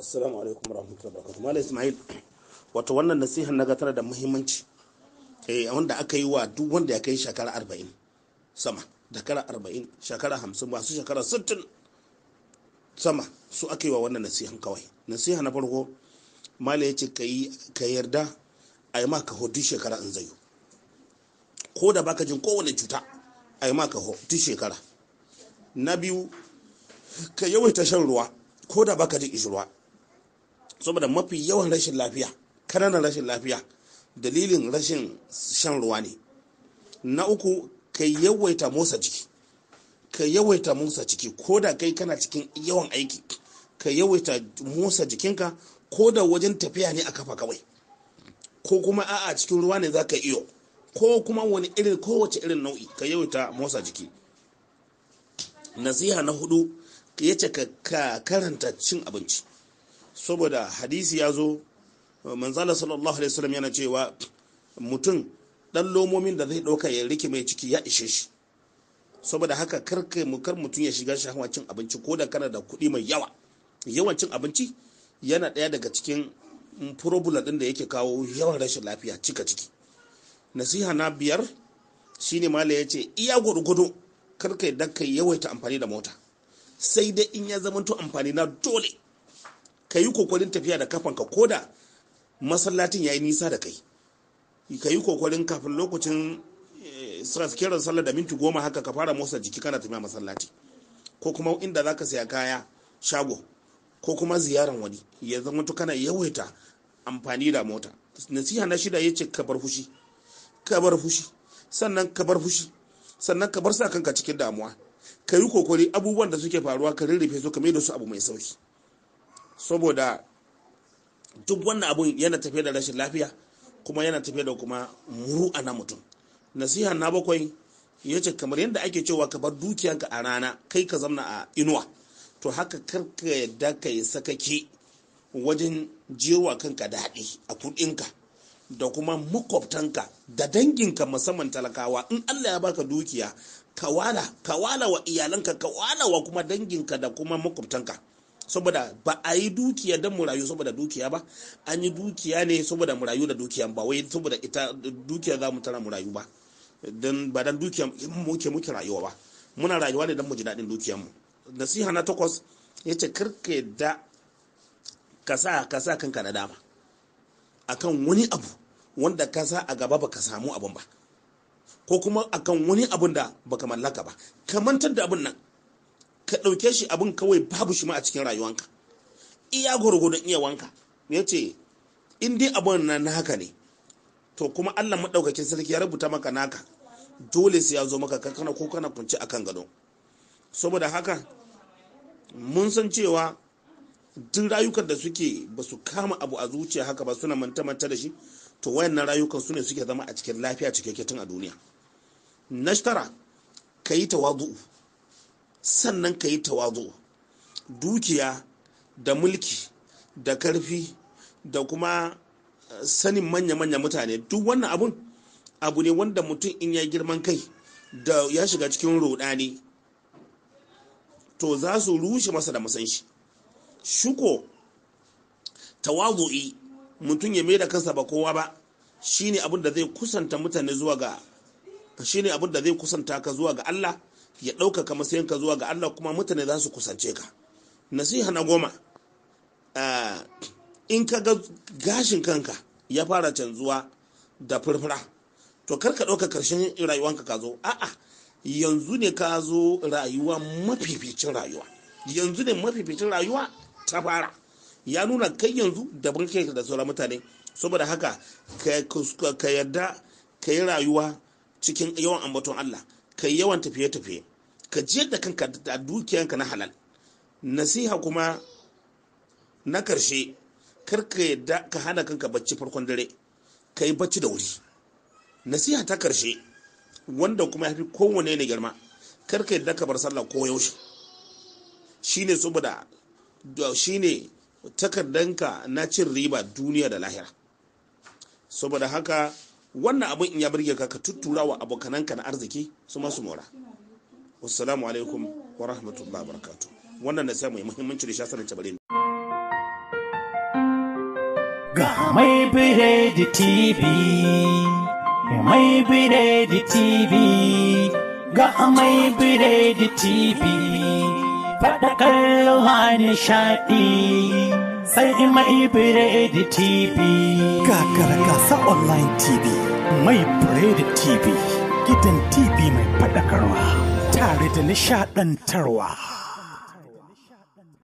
assalamu alaikum warahmatullahi wabarakatuh malam ismail wato wannan nasihan na tana da muhimmanci eh wanda aka yi wa duk wanda ya kai shekara arba'in sama shekara arba'in shekara hamsin masu shekara sittin sama su aka yi wa wannan nasihan kawai nasiha na farko malam ya ce ka yarda a yi ma ka duk shekara in zayo ko da baka jin kowane cuta a yi ma ka duk shekara na biyu ka yawaita shan ruwa ko da baka jin ishi ruwa saboda mafi yawan rashin lafiya kananan rashin lafiya dalilin rashin shan ruwa ne na uku ka yawaita motsa jiki ka yawaita motsa jiki ko da kai kana cikin yawan aiki ka yawaita motsa jikinka ko da wajen tafiya ne a kafa kawai ko kuma a'a cikin ruwa ne za ka iyo ko kuma wani irin kowace irin nau'i ka yawaita motsa jiki nasiha na hudu ya ce ka karanta cin abinci saboda hadisi ya zo manzala sallallahu alaihi wasallam yana cewa mutum dan lomomin da zai dauka ya rike mai ciki ya ishe shi saboda haka karka mukar mutum ya shiga shahawa cin abinci ko da kana da kuɗi mai yawa yawan cin abinci yana ɗaya daga cikin problem ɗin da yake kawo yawan rashin lafiya cika ciki nasiha na biyar shine mala ya ce iya gwargwado karka ya ka yawaita amfani da mota sai dai in ya zamanto amfani na dole ka yi kokarin tafiya da kafanka ko da masallacin ya yi nisa da kai ka yi kokarin kafin lokacin eh, kiran sallar da minti goma haka ka fara motsa jiki kana tafiya masallaci ko kuma inda za ka saya kaya shago ko kuma ziyaran wani ya zama kana yawaita amfani da mota nasiha na shida ya ce ka bar fushi ka bar fushi sannan ka bar fushi sannan ka sa kanka cikin damuwa ka yi kokari abubuwan da suke faruwa ka rirrife su ka mai da su abu mai sauki saboda duk wannan abun yana tafiya da rashin lafiya kuma yana tafiya da kuma muru'a na mutum nasiha na bakwai ya ce kamar yadda ake cewa ka bar dukiyanka a rana kai ka zamna a inuwa to haka karka yadda ka yi ke wajen jewa kanka daɗi a kuɗinka da kuma makwabtanka da danginka musamman talakawa in allah ya baka dukiya ka kawala wa iyalanka kawala wa kuma danginka da kuma makwabtanka saboda ba a yi dukiya don mu rayu saboda dukiya ba an yi dukiya ne saboda mu rayu da dukiya ba wai saboda ita dukiya za mu tana mu rayu ba don ba dan dukiya muke muke rayuwa ba muna rayuwa ne don mu ji daɗin dukiyarmu nasiha na takwas ya ce karka da ka sa ka sa kanka na dama akan wani abu wanda ka sa a gaba baka samu abun ba ko kuma akan wani abun da baka mallaka ba kamantar da abun nan ka ɗauke shi abin kawai babu shi ma a cikin rayuwanka iya gwargwadon iya wanka ya ce in dai abin nan naka ne to kuma allah maɗaukakin sarki ya rubuta maka naka dole sai ya zo maka kana ko kana kunci kan gado saboda haka mun san cewa duk rayukan da suke ba su kama abu a zuciya haka ba suna manta manta da shi to wayannan rayukan su ne suke zama a cikin lafiya cikakke a duniya nashtara ka yi tawadu'u sannan ka yi tawazu dukiya da mulki da karfi da kuma eh, sanin manya-manya mutane duk wannan abun abu ne wanda mutum in ya girman kai da ya shiga cikin rudani to za su rushe masa da masan shi shuko tawazu'i mutum ya mai da kansa ba kowa ba shine abin da zai kusanta mutane zuwa ga shine abin da zai kusanta ka zuwa ga Allah ya ɗaukaka ka zuwa ga Allah kuma mutane za su kusance ka nasiha na goma in ka ga gashin kanka ya fara canzuwa da furfura to kar ka ɗauka ƙarshen rayuwanka ka zo a'a yanzu ne ka zo rayuwa mafificin rayuwa yanzu ne mafificin rayuwa ta fara ya nuna kai yanzu da kai da sauran mutane saboda haka ka yarda ka yi rayuwa cikin yawan ambaton Allah ka yi yawan tafiye-tafiye ka jiyar da kanka da dukiyanka na halal nasiha kuma na karshe kar ka yadda ka hana kanka bacci farkon dare ka yi bacci da wuri nasiha ta karshe wanda kuma ya fi kowane ne girma kar ka yadda ka bar sallah ko yaushe shine saboda ne takardanka na cin riba duniya da lahira saboda haka wannan abin in ya birge ka ka tuttura wa abokananka na arziki su masu mora wassalamu alaikum wa rahmatullahi wa barakatuh wannan na sai mai muhimmanci da shasanin tabarin ga mai biredi tv mai biredi tv ga mai biredi tv faɗa kallo nishaɗi sai in mai da TV. Gagara gasa online TV, mai biredi TV, gidan TV mai faɗakarwa, tare da nishaɗantarwa.